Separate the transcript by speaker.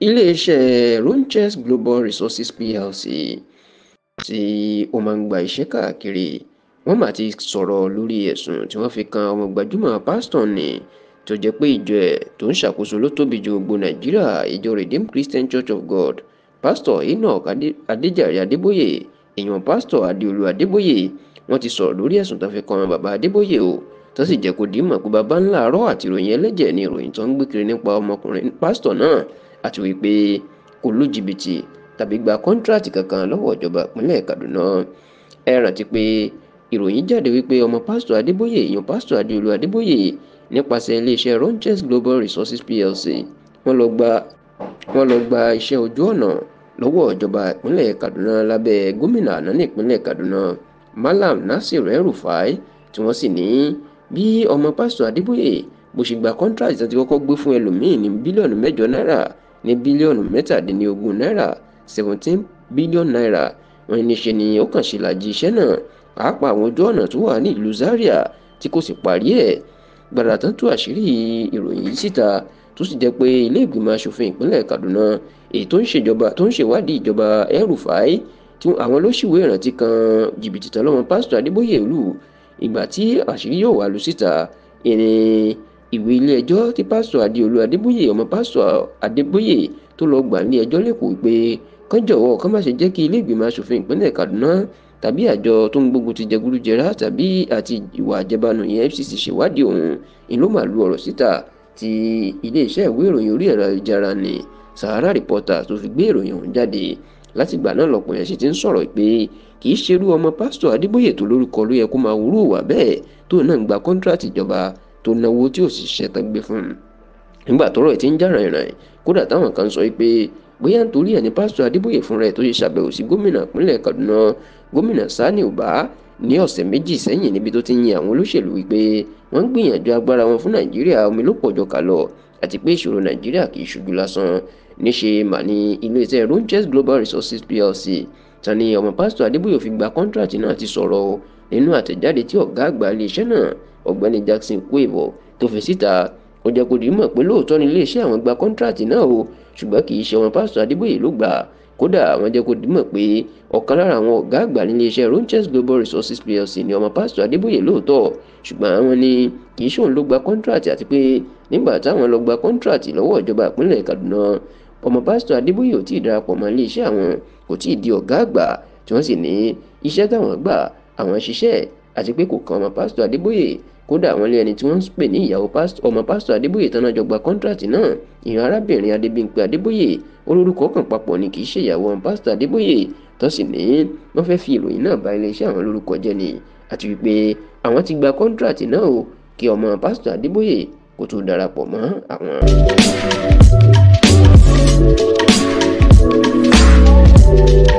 Speaker 1: iléeṣẹ́ Runche's Global Resources PLC tí ó máa ń gba iṣẹ́ káàkiri wọ́n mà ti sọ̀rọ̀ lórí ẹ̀sùn tí wọ́n fi kan ọmọ gbajúmọ̀ pásítọ̀ ni tó jẹ́ pé ìjọ ẹ̀ tó ń ṣàkóso ló tóbi ju gbogbo Nàìjíríà ìjọ Redeemed Christian Church of God Pastor, Enoch Adéjàre Adébóyè èèyàn pásítọ̀ Adéolú Adébóyè wọ́n ti sọ̀rọ̀ lórí ẹ̀sùn tó fi kan bàbá Adébóyè o tó sì jẹ́ kó dìímọ̀ pé bàbá ńlá àárọ̀ àti ìròyìn ẹlẹ́jẹ̀ ni ìròyìn tó ń gbé kiri nípa ọmọkùnrin pásítọ̀ náà àti wípé kò lù jìbìtì tàbí gba kọ́ńtíráàtì kankan lọ́wọ́ ìjọba ìpínlẹ̀ Kaduna ẹ rántí pé ìròyìn jáde wípé ọmọ pásítọ̀ Adébóyè èèyàn pásítọ̀ Adéolú Adébóyè nípasẹ̀ iléeṣẹ́ Roches Global Resources PLC wọ́n lọ gba wọ́n lọ gba iṣẹ́ ojú ọ̀nà lọ́wọ́ ìjọba ìpínlẹ̀ Kaduna lábẹ́ gómìnà àná ní ìpínlẹ̀ Kaduna Malam Nasir El-Rufai tí wọ́n sì ní bí ọmọ pásítọ̀ Adébóyè bó ṣe gba kọ́ńtíráàtì tó ti kọ́kọ́ gbé fún ẹlòmíín ní bílíọ̀nù mẹ́jọ náírà ní bílíọ̀nù mẹ́tàdínlógún náírà seventeen billion naira wọ́n ní ṣe ni ó kàn ṣe ìlàjì iṣẹ́ náà pàápàá àwọn ojú ọ̀nà tó wà ní ìlú Zaria tí kò sì parí ẹ̀ gbàdà tán tú àṣírí ìròyìn yìí síta tó sì jẹ́ pé ilé ìgbìmọ̀ asòfin ìpínlẹ̀ Kaduna èyí tó ń ṣèjọba tó ń ṣèwádìí ìjọba El-Rufai tí àwọn olóṣìwé ìrántí kan jìbìtì tán lọ́mọ pásítọ̀ Adébóyè ìlú ìgbà tí àṣírí yóò wá lu síta ìrìn ìwé ilé-ẹjọ́ tí pásítọ̀ adéolú adébóyè ọmọ pásítọ̀ adébóyè tó lọ gbà ní ẹjọ́ lẹ́kọ̀ọ́ wípé kán jọ̀wọ́ kán má ṣe jẹ́ kí ilé ìgbìmọ̀ asòfin ìpínlẹ̀ kaduna tàbí àjọ tó ń gbógun ti jẹgúdújẹrá tàbí àti ìwà àjẹbánu ìyẹn fcc ṣèwádìí òun ìlú màlúù ọ̀rọ̀ síta ti iléeṣẹ́ ìwé ìròyìn orí ẹ̀rọ ayélujára ní sahara reporter tó fi gbé ìròyìn ọ̀hún jáde látìgbà náà lọ́pọ̀ yẹn sì ti ń sọ̀rọ̀ pé kì í ṣerú ọmọ pásítọ̀ adébóyè tó lórúkọ ló yẹ kó máa wúrú wà bẹ́ẹ̀ tó náà ń gba kọ́ńtíráàtì ìjọba tó náwó tí ò sì ṣẹ́ tán gbé fún un nígbà tọ́rọ̀ ẹ̀ ti ń jára ìràn kódà táwọn kan sọ pé bóyá nítorí ẹ̀ ní pásítọ̀ adébóyè fúnra ẹ̀ tó ṣe ṣàbẹ̀wò sí gómìnà ìpínlẹ̀ kaduna gómìnà sani uba ní ọ̀sẹ̀ méjì sẹ́yìn níbi tó ti yin àwọn olóṣèlú wípé wọ́n ń gbìyànjú agbára wọn fún nàìjíríà omi ló pọ̀ jọ kà lọ àti pé ìṣòro nàìjíríà kì í ṣojú lásán níṣe mà iléeṣẹ́ roches global resources plc tani ọmọ pásítọ̀ adébóyè fi gba kọ́ńtrátì náà ti sọ̀rọ̀ nínú àtẹ̀jáde tí ọ̀gá àgbà iléeṣẹ́ náà ọ̀gbẹ́ni Jackson Kwoibọ tó fi síta ó jẹ́ kó di mọ̀ pé lóòótọ́ ni iléeṣẹ́ àwọn gba kọ́ńtíráàtì náà o ṣùgbọ́n kì í ṣe ọmọ pásítọ̀ Adébóyè ló gbà kódà àwọn jẹ́ kó di mọ̀ pé ọ̀kan lára àwọn ọ̀gá àgbà níléeṣẹ́ Roches Global Resources plc ni ọmọ pásítọ̀ Adébóyè lóòótọ́ ṣùgbọ́n àwọn ni kì í ṣòun ló gba kọ́ńtíráàtì àti pé nígbà táwọn lọ gba kọ́ńtíráàtì lọ́wọ́ ìjọba ìpínlẹ̀ Kaduna ọmọ pásítọ̀ Adébóyè ò tí ì darapọ̀ mọ́ iléeṣẹ́ àwọn kò tí ì di ọ̀gá àgbà tí wọ́n sì ní iṣẹ́ táwọn gbà àwọn ṣiṣẹ́ àti pé kò kan ọmọ pásítọ̀ Adébóyè kódà àwọn ilé ẹni tí wọ́n ń pè ní ìyàwó ọmọ pásítọ̀ adébóyè tán náà jọ gba kọ́ńtrátì náà ìyàn arábìnrin adébíyìnpé adébóyè olórúkọ kan papọ̀ ni kì í ṣe ìyàwó ọmọ pásítọ̀ adébóyè tó sì ní wọ́n fẹ́ fi ìròyìn náà bá iléeṣẹ́ àwọn olórúkọ jẹ́ ni àti wípé àwọn ti gba kọ́ńtrátì náà o kí ọmọ pásítọ̀ adébóyè kó tó darapọ̀ mọ́ àwọn. thank you